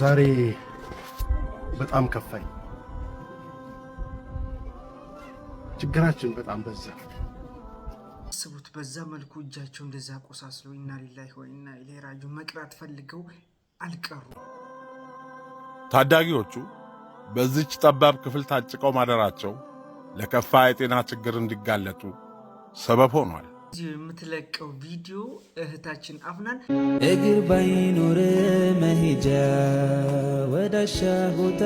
ዛሬ በጣም ከፋኝ። ችግራችን በጣም በዛ። አስቡት፣ በዛ መልኩ እጃቸው እንደዛ ቆሳስለው ኢና ሊላሂ ወኢና ኢለይሂ ራጂዑን መቅራት ፈልገው አልቀሩ። ታዳጊዎቹ በዚች ጠባብ ክፍል ታጭቀው ማደራቸው ለከፋ የጤና ችግር እንዲጋለጡ ሰበብ ሆኗል። የምትለቀው ቪዲዮ እህታችን አፍናን እግር ባይኖር መሄጃ ወዳሻ ቦታ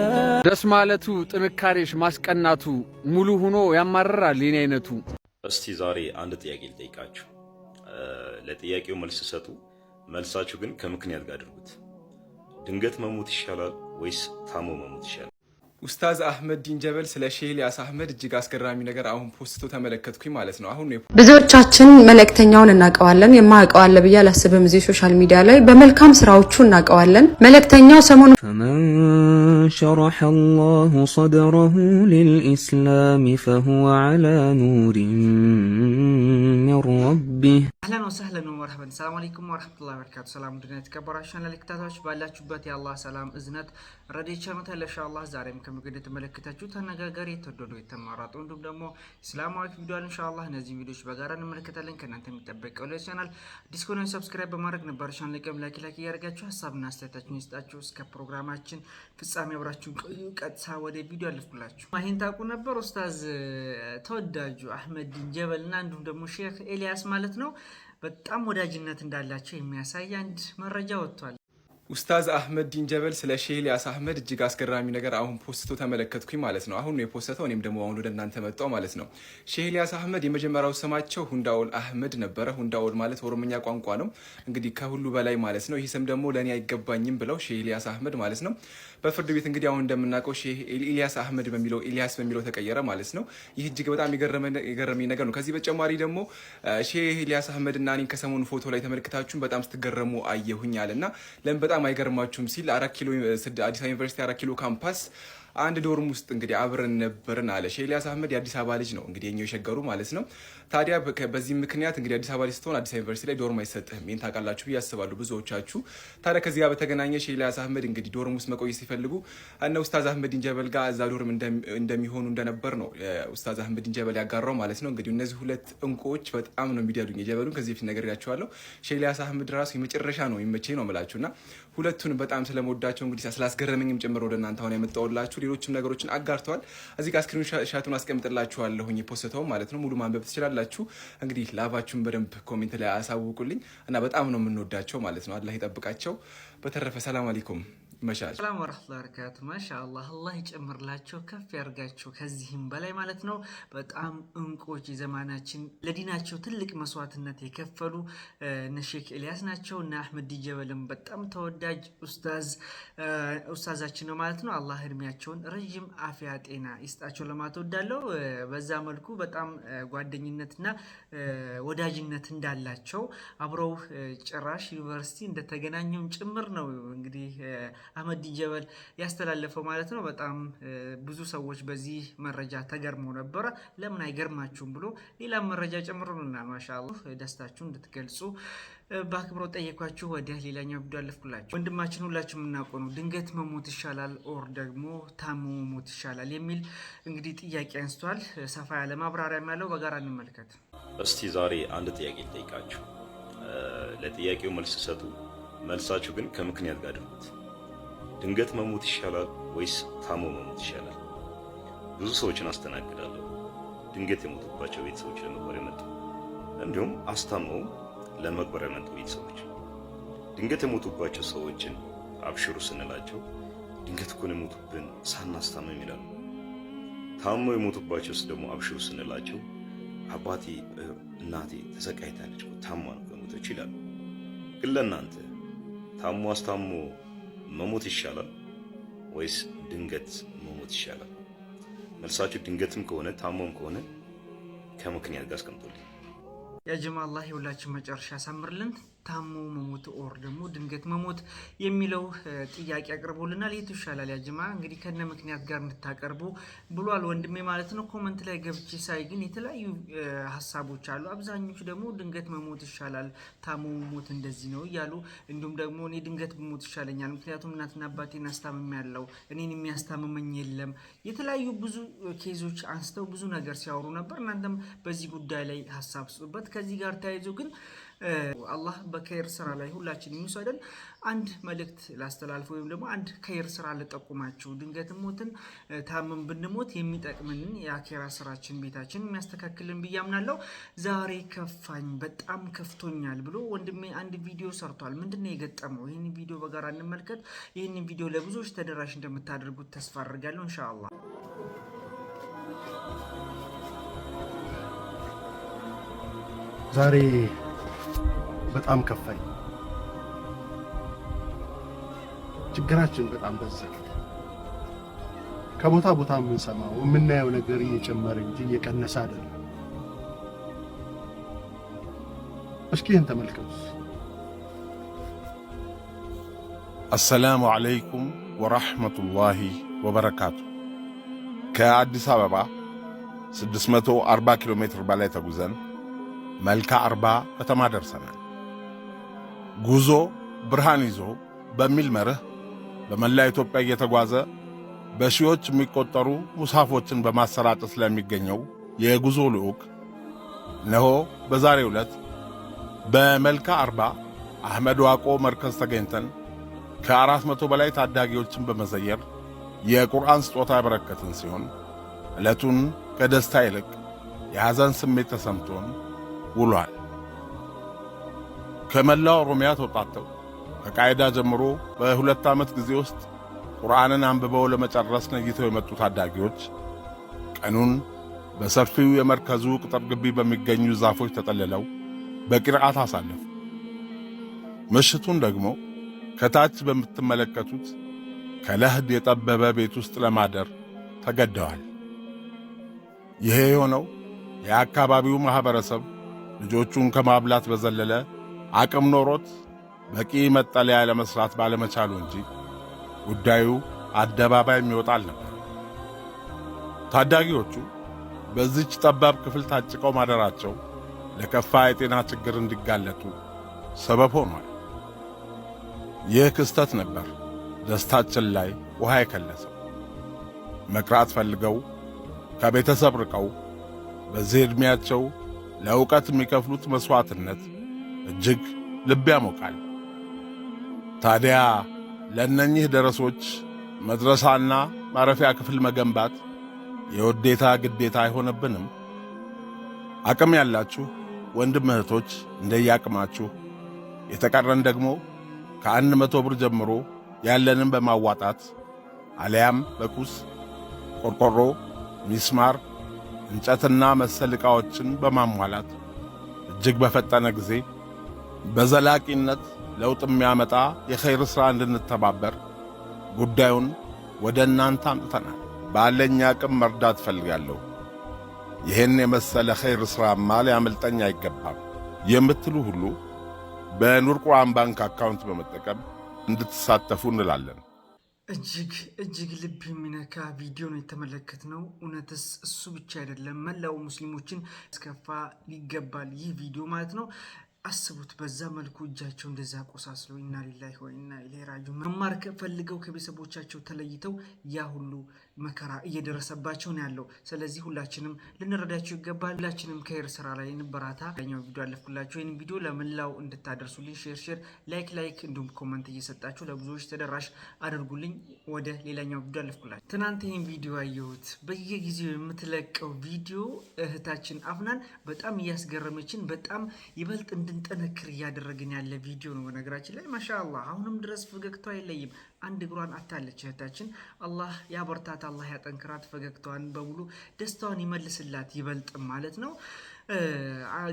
ደስ ማለቱ ጥንካሬሽ ማስቀናቱ ሙሉ ሆኖ ያማርራል የኔ አይነቱ። እስቲ ዛሬ አንድ ጥያቄ ልጠይቃችሁ። ለጥያቄው መልስ ሰጡ፣ መልሳችሁ ግን ከምክንያት ጋር አድርጉት። ድንገት መሞት ይሻላል ወይስ ታሞ መሞት ይሻላል? ኡስታዝ አህመድ ዲንጀበል ስለ ሼህ ኢልያስ አህመድ እጅግ አስገራሚ ነገር አሁን ፖስቶ ተመለከትኩኝ ማለት ነው። አሁን ብዙዎቻችን መልእክተኛውን እናውቀዋለን፣ የማያውቀው አለ ብዬ አላስብም። እዚህ ሶሻል ሚዲያ ላይ በመልካም ስራዎቹ እናውቀዋለን። መልእክተኛው ሰሞኑ ፈመን ሸረሐ አላሁ ሰድረሁ ሊልኢስላም ፈሁወ ዐላ ኑሪን ሚን ረቢህ። አህለን ወሰህለን ወመርሐበን። ሰላሙ አለይኩም ወረሕመቱላሂ ወበረካቱ። ሰላም ድና የተከበራችሁ ተመልካቾች ባላችሁበት የአላህ ሰላም እዝነት ረድኤት ቸርነቱ ይለሻ አላህ ዛሬም በመልካም መንገድ የተመለከታችሁ ተነጋጋሪ የተወደዱ የተማራጡ እንዲሁም ደግሞ እስላማዊ ቪዲዮል እንሻላ እነዚህ ቪዲዮዎች በጋራ እንመለከታለን። ከእናንተ የሚጠበቀው ላይ ቻናል ዲስኮን ሰብስክራይብ በማድረግ ነበር ሻን ላይቀም ላኪ ላኪ እያደረጋችሁ ሀሳብና አስተያየታችሁን ይስጣችሁ። እስከ ፕሮግራማችን ፍጻሜ አብራችሁን ቆዩ። ቀጥታ ወደ ቪዲዮ አልፍኩላችሁ። ይህን ታውቁ ነበር ኡስታዝ ተወዳጁ አህመዲን ጀበል እና እንዲሁም ደግሞ ሼክ ኤልያስ ማለት ነው በጣም ወዳጅነት እንዳላቸው የሚያሳይ አንድ መረጃ ወጥቷል። ኡስታዝ አህመድ ዲንጀበል ስለ ሼህ ኤልያስ አህመድ እጅግ አስገራሚ ነገር አሁን ፖስቶ ተመለከትኩኝ ማለት ነው። አሁን የፖስተው፣ እኔም ደግሞ አሁን ወደ እናንተ መጣው ማለት ነው። ሼህ አህመድ የመጀመሪያው ስማቸው ሁንዳውል አህመድ ነበረ። ሁንዳውል ማለት ኦሮምኛ ቋንቋ ነው እንግዲህ ከሁሉ በላይ ማለት ነው። ይህ ስም ደግሞ ለእኔ አይገባኝም ብለው ሼህ ኤልያስ አህመድ ማለት ነው በፍርድ ቤት እንግዲህ አሁን እንደምናውቀው ሼህ ኤልያስ አህመድ በሚለው ኤልያስ በሚለው ተቀየረ ማለት ነው። ይህ እጅግ በጣም የገረመኝ ነገር ነው። ከዚህ በተጨማሪ ደግሞ ሼህ ኤልያስ አህመድ እና እኔን ከሰሞኑ ፎቶ ላይ ተመልክታችሁን በጣም ስትገረሙ አየሁኝ አለና ለምን በጣም አይገርማችሁም ሲል አራት ኪሎ አዲስ ዩኒቨርሲቲ አራት ኪሎ ካምፓስ አንድ ዶርም ውስጥ እንግዲህ አብረን ነበርን አለ። ኤልያስ አህመድ የአዲስ አበባ ልጅ ነው እንግዲህ የኛው የሸገሩ ማለት ነው። ታዲያ በዚህ ምክንያት እንግዲህ አዲስ አበባ ልጅ ስትሆን አዲስ ዩኒቨርሲቲ ላይ ዶርም አይሰጥህም። ይህን ታውቃላችሁ ብዬ አስባለሁ ብዙዎቻችሁ። ታዲያ ከዚህ ጋር በተገናኘ ኤልያስ አህመድ እንግዲህ ዶርም ውስጥ መቆየት ሲፈልጉ እነ ኡስታዝ አህመድ እንጀበል ጋር እዛ ዶርም እንደሚሆኑ እንደነበር ነው ኡስታዝ አህመድ እንጀበል ያጋራው ማለት ነው። እንግዲህ እነዚህ ሁለት እንቁዎች በጣም ነው የሚደዱኝ። የጀበሉን ከዚህ በፊት ነገር ያቸዋለሁ ኤልያስ አህመድ ራሱ የመጨረሻ ነው የሚመቸኝ ነው የምላችሁ እና ሁለቱን በጣም ስለመወዳቸው እንግዲህ ስላስገረመኝም ጭምር ወደ እናንተ አሁን ያመጣሁላችሁ ሌሎችም ነገሮችን አጋርተዋል። እዚህ ጋር ስክሪን ሻቱን አስቀምጥላችኋለሁኝ የፖስተው ማለት ነው። ሙሉ ማንበብ ትችላላችሁ። እንግዲህ ላባችሁን በደንብ ኮሜንት ላይ አሳውቁልኝ እና በጣም ነው የምንወዳቸው ማለት ነው። አላህ ይጠብቃቸው። በተረፈ ሰላም አለይኩም። መሻል ሰላም ወረህመቱላሂ ወበረካቱ። ማሻአላህ አላህ ይጨምርላቸው ከፍ ያርጋቸው ከዚህም በላይ ማለት ነው። በጣም እንቆች የዘማናችን ለዲናቸው ትልቅ መስዋዕትነት የከፈሉ እነ ሼክ ኤልያስ ናቸው እና አህመድ ዲጀበልም በጣም ተወዳጅ ኡስታዛችን ነው ማለት ነው። አላህ እድሜያቸውን ረዥም አፍያ ጤና ይስጣቸው ለማለት ወዳለው በዛ መልኩ በጣም ጓደኝነትና ወዳጅነት እንዳላቸው አብረው ጭራሽ ዩኒቨርሲቲ እንደተገናኘውን ጭምር ነው እንግዲህ አህመዲን ጀበል ያስተላለፈው ማለት ነው። በጣም ብዙ ሰዎች በዚህ መረጃ ተገርመው ነበረ። ለምን አይገርማችሁም ብሎ ሌላም መረጃ ጨምሮልናል። ማሻአላህ ደስታችሁ እንድትገልጹ በአክብሮ ጠየኳችሁ። ወደ ሌላኛው ቪዲዮ አለፍኩላችሁ። ወንድማችን ሁላችሁ የምናውቀው ነው፣ ድንገት መሞት ይሻላል ኦር ደግሞ ታሞ መሞት ይሻላል የሚል እንግዲህ ጥያቄ አንስቷል። ሰፋ ያለ ማብራሪያም ያለው በጋራ እንመልከት። እስቲ ዛሬ አንድ ጥያቄ ልጠይቃችሁ። ለጥያቄው መልስ ሰጡ፣ መልሳችሁ ግን ከምክንያት ጋር ድምት ድንገት መሞት ይሻላል ወይስ ታሞ መሞት ይሻላል? ብዙ ሰዎችን አስተናግዳለሁ። ድንገት የሞቱባቸው ቤተሰቦች ለመቅበር የመጡ እንዲሁም አስታመው ለመቅበር የመጡ ቤተሰቦች ድንገት የሞቱባቸው ሰዎችን አብሽሩ ስንላቸው ድንገት እኮ ነው የሞቱብን ሳናስታመም ይላሉ። ታመው የሞቱባቸውስ ደግሞ አብሽሩ ስንላቸው አባቴ እናቴ ተሰቃይታለች ታማ ነው ከሞተች ይላሉ። ግን ለእናንተ ታሞ አስታሞ መሞት ይሻላል ወይስ ድንገት መሞት ይሻላል? መልሳችሁ ድንገትም ከሆነ ታሞም ከሆነ ከምክንያት ጋር አስቀምጡልኝ። የጅማ አላህ የሁላችን መጨረሻ ያሳምርልን። ታሞ መሞት ኦር ደግሞ ድንገት መሞት የሚለው ጥያቄ አቅርቦልናል። የቱ ይሻላል ያጅማ? እንግዲህ ከነ ምክንያት ጋር እንድታቀርቡ ብሏል ወንድሜ ማለት ነው። ኮመንት ላይ ገብቼ ሳይ ግን የተለያዩ ሀሳቦች አሉ። አብዛኞቹ ደግሞ ድንገት መሞት ይሻላል፣ ታሞ መሞት እንደዚህ ነው እያሉ እንዲሁም ደግሞ እኔ ድንገት መሞት ይሻለኛል፣ ምክንያቱም እናትና አባቴን አስታምም ያለው እኔን የሚያስታምመኝ የለም። የተለያዩ ብዙ ኬዞች አንስተው ብዙ ነገር ሲያወሩ ነበር። እናንተም በዚህ ጉዳይ ላይ ሀሳብ ስጡበት። ከዚህ ጋር ተያይዞ ግን አላህ በከይር ስራ ላይ ሁላችን የሚወስደን። አንድ መልእክት ላስተላልፍ ወይም ደግሞ አንድ ከይር ስራ ልጠቁማችሁ። ድንገት ሞትን ታምም ብንሞት የሚጠቅምንን የአኬራ ስራችን ቤታችን የሚያስተካክልን ብዬ አምናለሁ። ዛሬ ከፋኝ፣ በጣም ከፍቶኛል ብሎ ወንድሜ አንድ ቪዲዮ ሰርቷል። ምንድነው የገጠመው? ይህን ቪዲዮ በጋራ እንመልከት። ይህን ቪዲዮ ለብዙዎች ተደራሽ እንደምታደርጉት ተስፋ አድርጋለሁ እንሻላ። ዛሬ በጣም ከፋኝ። ችግራችን በጣም በዛ። ከቦታ ቦታ የምንሰማው የምናየው ነገር እየጨመረ እንጂ እየቀነሰ አይደለም። እስኪ ይህን ተመልከቱ። አሰላሙ አለይኩም ወራህመቱላሂ ወበረካቱ። ከአዲስ አበባ 640 ኪሎ ሜትር በላይ ተጉዘን መልካ አርባ ከተማ ደርሰናል። ጉዞ ብርሃን ይዞ በሚል መርህ በመላ ኢትዮጵያ እየተጓዘ በሺዎች የሚቆጠሩ ሙሳፎችን በማሰራጨት ስለሚገኘው የጉዞ ልዑክ እነሆ በዛሬ ዕለት በመልካ አርባ አህመድ ዋቆ መርከዝ ተገኝተን ከአራት መቶ በላይ ታዳጊዎችን በመዘየር የቁርአን ስጦታ ያበረከትን ሲሆን ዕለቱን ከደስታ ይልቅ የሐዘን ስሜት ተሰምቶን ውሏል። ከመላው ኦሮሚያ ተውጣተው ከቃይዳ ጀምሮ በሁለት ዓመት ጊዜ ውስጥ ቁርአንን አንብበው ለመጨረስ ነይተው የመጡ ታዳጊዎች ቀኑን በሰፊው የመርከዙ ቅጥር ግቢ በሚገኙ ዛፎች ተጠልለው በቂርአት አሳለፉ። ምሽቱን ደግሞ ከታች በምትመለከቱት ከለህድ የጠበበ ቤት ውስጥ ለማደር ተገደዋል። ይሄ የሆነው የአካባቢው ማኅበረሰብ ልጆቹን ከማብላት በዘለለ አቅም ኖሮት በቂ መጠለያ ለመስራት ባለመቻሉ እንጂ ጉዳዩ አደባባይ የሚወጣ አልነበር። ታዳጊዎቹ በዚች ጠባብ ክፍል ታጭቀው ማደራቸው ለከፋ የጤና ችግር እንዲጋለጡ ሰበብ ሆኗል። ይህ ክስተት ነበር ደስታችን ላይ ውሃ የከለሰው። መቅራት ፈልገው ከቤተሰብ ርቀው በዚህ ዕድሜያቸው ለእውቀት የሚከፍሉት መሥዋዕትነት እጅግ ልብ ያሞቃል። ታዲያ ለእነኚህ ደረሶች መድረሳና ማረፊያ ክፍል መገንባት የውዴታ ግዴታ አይሆነብንም? አቅም ያላችሁ ወንድም እህቶች እንደየአቅማችሁ፣ የተቀረን ደግሞ ከአንድ መቶ ብር ጀምሮ ያለንን በማዋጣት አለያም በቁስ ቆርቆሮ፣ ሚስማር፣ እንጨትና መሰል ዕቃዎችን በማሟላት እጅግ በፈጠነ ጊዜ በዘላቂነት ለውጥ የሚያመጣ የኸይር ሥራ እንድንተባበር ጉዳዩን ወደ እናንተ አምጥተናል። ባለኝ አቅም መርዳት ፈልጋለሁ ይህን የመሰለ ኸይር ሥራማ ሊያመልጠኝ አይገባም የምትሉ ሁሉ በኑር ቁርአን ባንክ አካውንት በመጠቀም እንድትሳተፉ እንላለን። እጅግ እጅግ ልብ የሚነካ ቪዲዮ ነው የተመለከትነው። እውነትስ እሱ ብቻ አይደለም መላው ሙስሊሞችን ያስከፋ ይገባል ይህ ቪዲዮ ማለት ነው። አስቡት በዛ መልኩ እጃቸው እንደዛ ቆሳስሎ ኢና ሊላሂ ወኢና ኢለይሂ ራጂዑን መማር ፈልገው ከቤተሰቦቻቸው ተለይተው ያ ሁሉ መከራ እየደረሰባቸው ነው ያለው። ስለዚህ ሁላችንም ልንረዳቸው ይገባል። ሁላችንም ከሄር ስራ ላይ እንበራታ። ኛው ቪዲዮ አለፍኩላቸው። ይህን ቪዲዮ ለመላው እንድታደርሱልኝ ሼር ሼር፣ ላይክ ላይክ እንዲሁም ኮመንት እየሰጣችሁ ለብዙዎች ተደራሽ አድርጉልኝ። ወደ ሌላኛው ቪዲዮ አለፍኩላቸው። ትናንት ይህን ቪዲዮ አየሁት። በየጊዜው የምትለቀው ቪዲዮ እህታችን አፍናን በጣም እያስገረመችን፣ በጣም ይበልጥ እንድንጠነክር እያደረግን ያለ ቪዲዮ ነው። በነገራችን ላይ ማሻ አሁንም ድረስ ፈገግታው አይለይም። አንድ እግሯን አታለች እህታችን። አላህ ያበርታት፣ አላህ ያጠንክራት፣ ፈገግታዋን በሙሉ ደስታዋን ይመልስላት ይበልጥ ማለት ነው።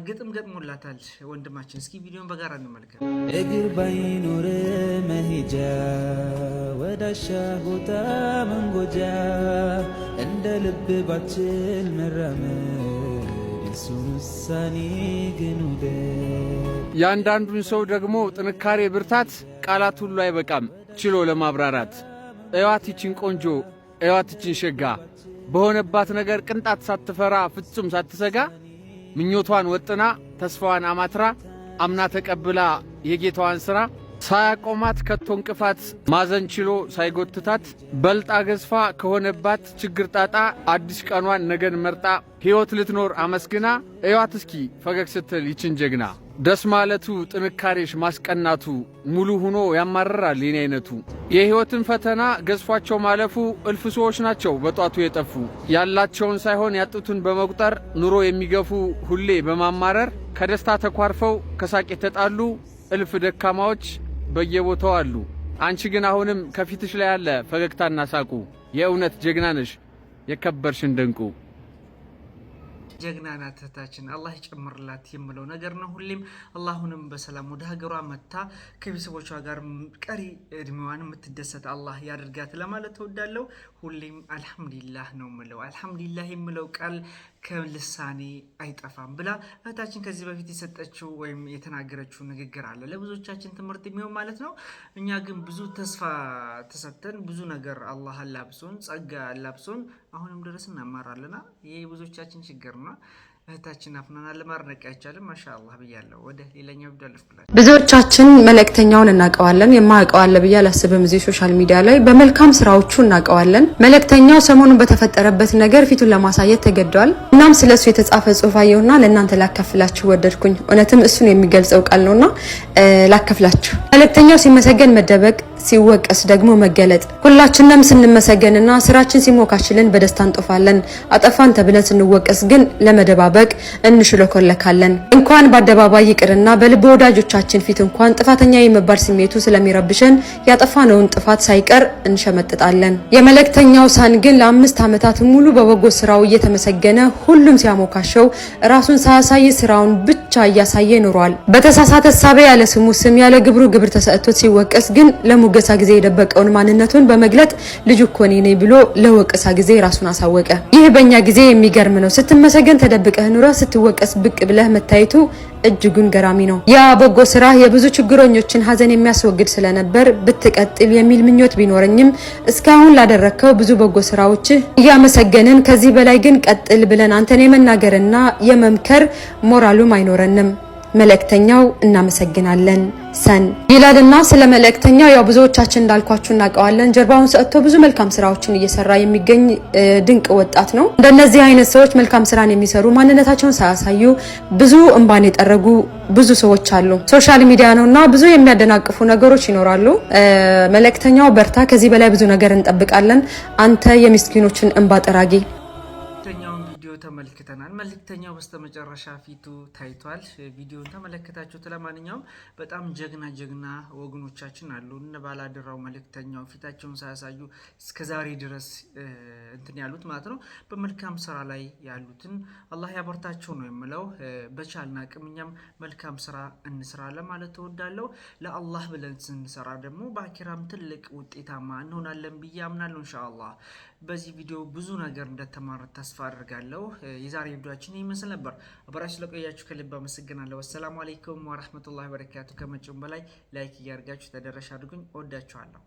ግጥም ገጥሞላታል ወንድማችን። እስኪ ቪዲዮን በጋራ እንመልከት። እግር ባይኖር መሄጃ ወዳሻ ቦታ መንጎጃ እንደ ልብ ባችል መራመድ እሱን ውሳኔ ግን ውደ ያንዳንዱን ሰው ደግሞ ጥንካሬ፣ ብርታት ቃላት ሁሉ አይበቃም ችሎ ለማብራራት። እዋት ይችን ቆንጆ እዋት ይችን ሸጋ በሆነባት ነገር ቅንጣት ሳትፈራ ፍጹም ሳትሰጋ ምኞቷን ወጥና ተስፋዋን አማትራ አምና ተቀብላ የጌታዋን ሥራ ሳያቆማት ከቶ እንቅፋት ማዘን ችሎ ሳይጎትታት በልጣ ገዝፋ ከሆነባት ችግር ጣጣ አዲስ ቀኗን ነገን መርጣ ሕይወት ልትኖር አመስግና እዋት እስኪ ፈገግ ስትል ይችን ጀግና ደስ ማለቱ ጥንካሬሽ ማስቀናቱ ሙሉ ሆኖ ያማርራል የኔ አይነቱ የሕይወትን ፈተና ገዝፏቸው ማለፉ እልፍ ሰዎች ናቸው በጧቱ የጠፉ ያላቸውን ሳይሆን ያጡትን በመቁጠር ኑሮ የሚገፉ ሁሌ በማማረር ከደስታ ተኳርፈው ከሳቅ የተጣሉ እልፍ ደካማዎች በየቦታው አሉ። አንቺ ግን አሁንም ከፊትሽ ላይ ያለ ፈገግታና ሳቁ የእውነት ጀግና ነሽ፣ የከበርሽን ድንቁ ጀግና ናት እህታችን፣ አላህ ይጨምርላት የምለው ነገር ነው። ሁሌም አላሁንም በሰላም ወደ ሀገሯ መታ ከቤተሰቦቿ ጋር ቀሪ እድሜዋን የምትደሰት አላህ ያደርጋት ለማለት ተወዳለው። ሁሌም አልሐምዱሊላህ ነው ምለው። አልሐምዱሊላህ የምለው ቃል ከልሳኔ አይጠፋም ብላ እህታችን ከዚህ በፊት የሰጠችው ወይም የተናገረችው ንግግር አለ ለብዙዎቻችን ትምህርት የሚሆን ማለት ነው። እኛ ግን ብዙ ተስፋ ተሰጥተን ብዙ ነገር አላህ አላብሶን ጸጋ አላብሶን አሁንም ድረስ እናማራለና ይህ የብዙዎቻችን ችግር ነው። እህታችን አፍናና ለማድነቅ አይቻልም። ማሻአላህ ብያለሁ። ወደ ሌላኛው ብዙዎቻችን መለክተኛውን እናውቀዋለን። የማያውቀዋለ ብዬ አላስብም። እዚህ ሶሻል ሚዲያ ላይ በመልካም ስራዎቹ እናውቀዋለን። መለክተኛው ሰሞኑን በተፈጠረበት ነገር ፊቱን ለማሳየት ተገደዋል። እናም ስለ እሱ የተጻፈ ጽሁፍ አየሁና ለእናንተ ላካፍላችሁ ወደድኩኝ። እውነትም እሱን የሚገልጸው ቃል ነውና ላካፍላችሁ። መለክተኛው ሲመሰገን መደበቅ ሲወቀስ ደግሞ መገለጥ። ሁላችንም ስንመሰገንና ስራችን ሲሞካችልን በደስታ እንጦፋለን። አጠፋን ተብለን ስንወቀስ ግን ለመደባበቅ እንሽለኮለካለን። እንኳን በአደባባይ ይቅርና በልብ ወዳጆቻችን ፊት እንኳን ጥፋተኛ የመባል ስሜቱ ስለሚረብሸን ያጠፋነውን ጥፋት ሳይቀር እንሸመጥጣለን። የመልእክተኛው ሳን ግን ለአምስት ዓመታት ሙሉ በበጎ ስራው እየተመሰገነ ሁሉም ሲያሞካሸው ራሱን ሳያሳይ ስራውን ብቻ እያሳየ ኑሯል። በተሳሳተ ሳቤ ያለ ስሙ ስም ያለ ግብሩ ግብር ተሰጥቶት ሲወቀስ ግን ለሙ በሙገሳ ጊዜ የደበቀውን ማንነቱን በመግለጥ ልጁ እኮ እኔ ነኝ ብሎ ለወቀሳ ጊዜ ራሱን አሳወቀ። ይህ በእኛ ጊዜ የሚገርም ነው። ስትመሰገን ተደብቀህ ኑረ፣ ስትወቀስ ብቅ ብለህ መታየቱ እጅጉን ገራሚ ነው። ያ በጎ ስራ የብዙ ችግረኞችን ሀዘን የሚያስወግድ ስለነበር ብትቀጥል የሚል ምኞት ቢኖረኝም እስካሁን ላደረግከው ብዙ በጎ ስራዎች እያመሰገንን ከዚህ በላይ ግን ቀጥል ብለን አንተን የመናገርና የመምከር ሞራሉም አይኖረንም። መልእክተኛው እናመሰግናለን ሰን ይላልና ስለ መልእክተኛው ያው ብዙዎቻችን እንዳልኳችሁ እናውቀዋለን። ጀርባውን ሰጥቶ ብዙ መልካም ስራዎችን እየሰራ የሚገኝ ድንቅ ወጣት ነው። እንደነዚህ አይነት ሰዎች መልካም ስራን የሚሰሩ ማንነታቸውን ሳያሳዩ ብዙ እንባን የጠረጉ ብዙ ሰዎች አሉ። ሶሻል ሚዲያ ነው እና ብዙ የሚያደናቅፉ ነገሮች ይኖራሉ። መልእክተኛው በርታ፣ ከዚህ በላይ ብዙ ነገር እንጠብቃለን። አንተ የምስኪኖችን እንባ ጠራጊ ተመልክተናል። መልክተኛው በስተመጨረሻ ፊቱ ታይቷል። ቪዲዮን ተመለከታችሁት። ለማንኛውም በጣም ጀግና ጀግና ወገኖቻችን አሉ። እነ ባላደራው መልእክተኛው ፊታቸውን ሳያሳዩ እስከዛሬ ድረስ እንትን ያሉት ማለት ነው። በመልካም ስራ ላይ ያሉትን አላህ ያበርታቸው ነው የምለው። በቻልን አቅም እኛም መልካም ስራ እንስራ ለማለት ተወዳለው። ለአላህ ብለን ስንሰራ ደግሞ በአኪራም ትልቅ ውጤታማ እንሆናለን ብዬ አምናለሁ ኢንሻአላህ። በዚህ ቪዲዮ ብዙ ነገር እንደተማረ ተስፋ አድርጋለሁ። የዛሬ ቪዲዮችን ይመስል ነበር። አብራችሁ ስለቆያችሁ ከልብ አመሰግናለሁ። አሰላሙ አሌይኩም ወረህመቱላሂ በረካቱ። ከመጪውም በላይ ላይክ እያደርጋችሁ ተደራሽ አድርጉኝ። ወዳችኋለሁ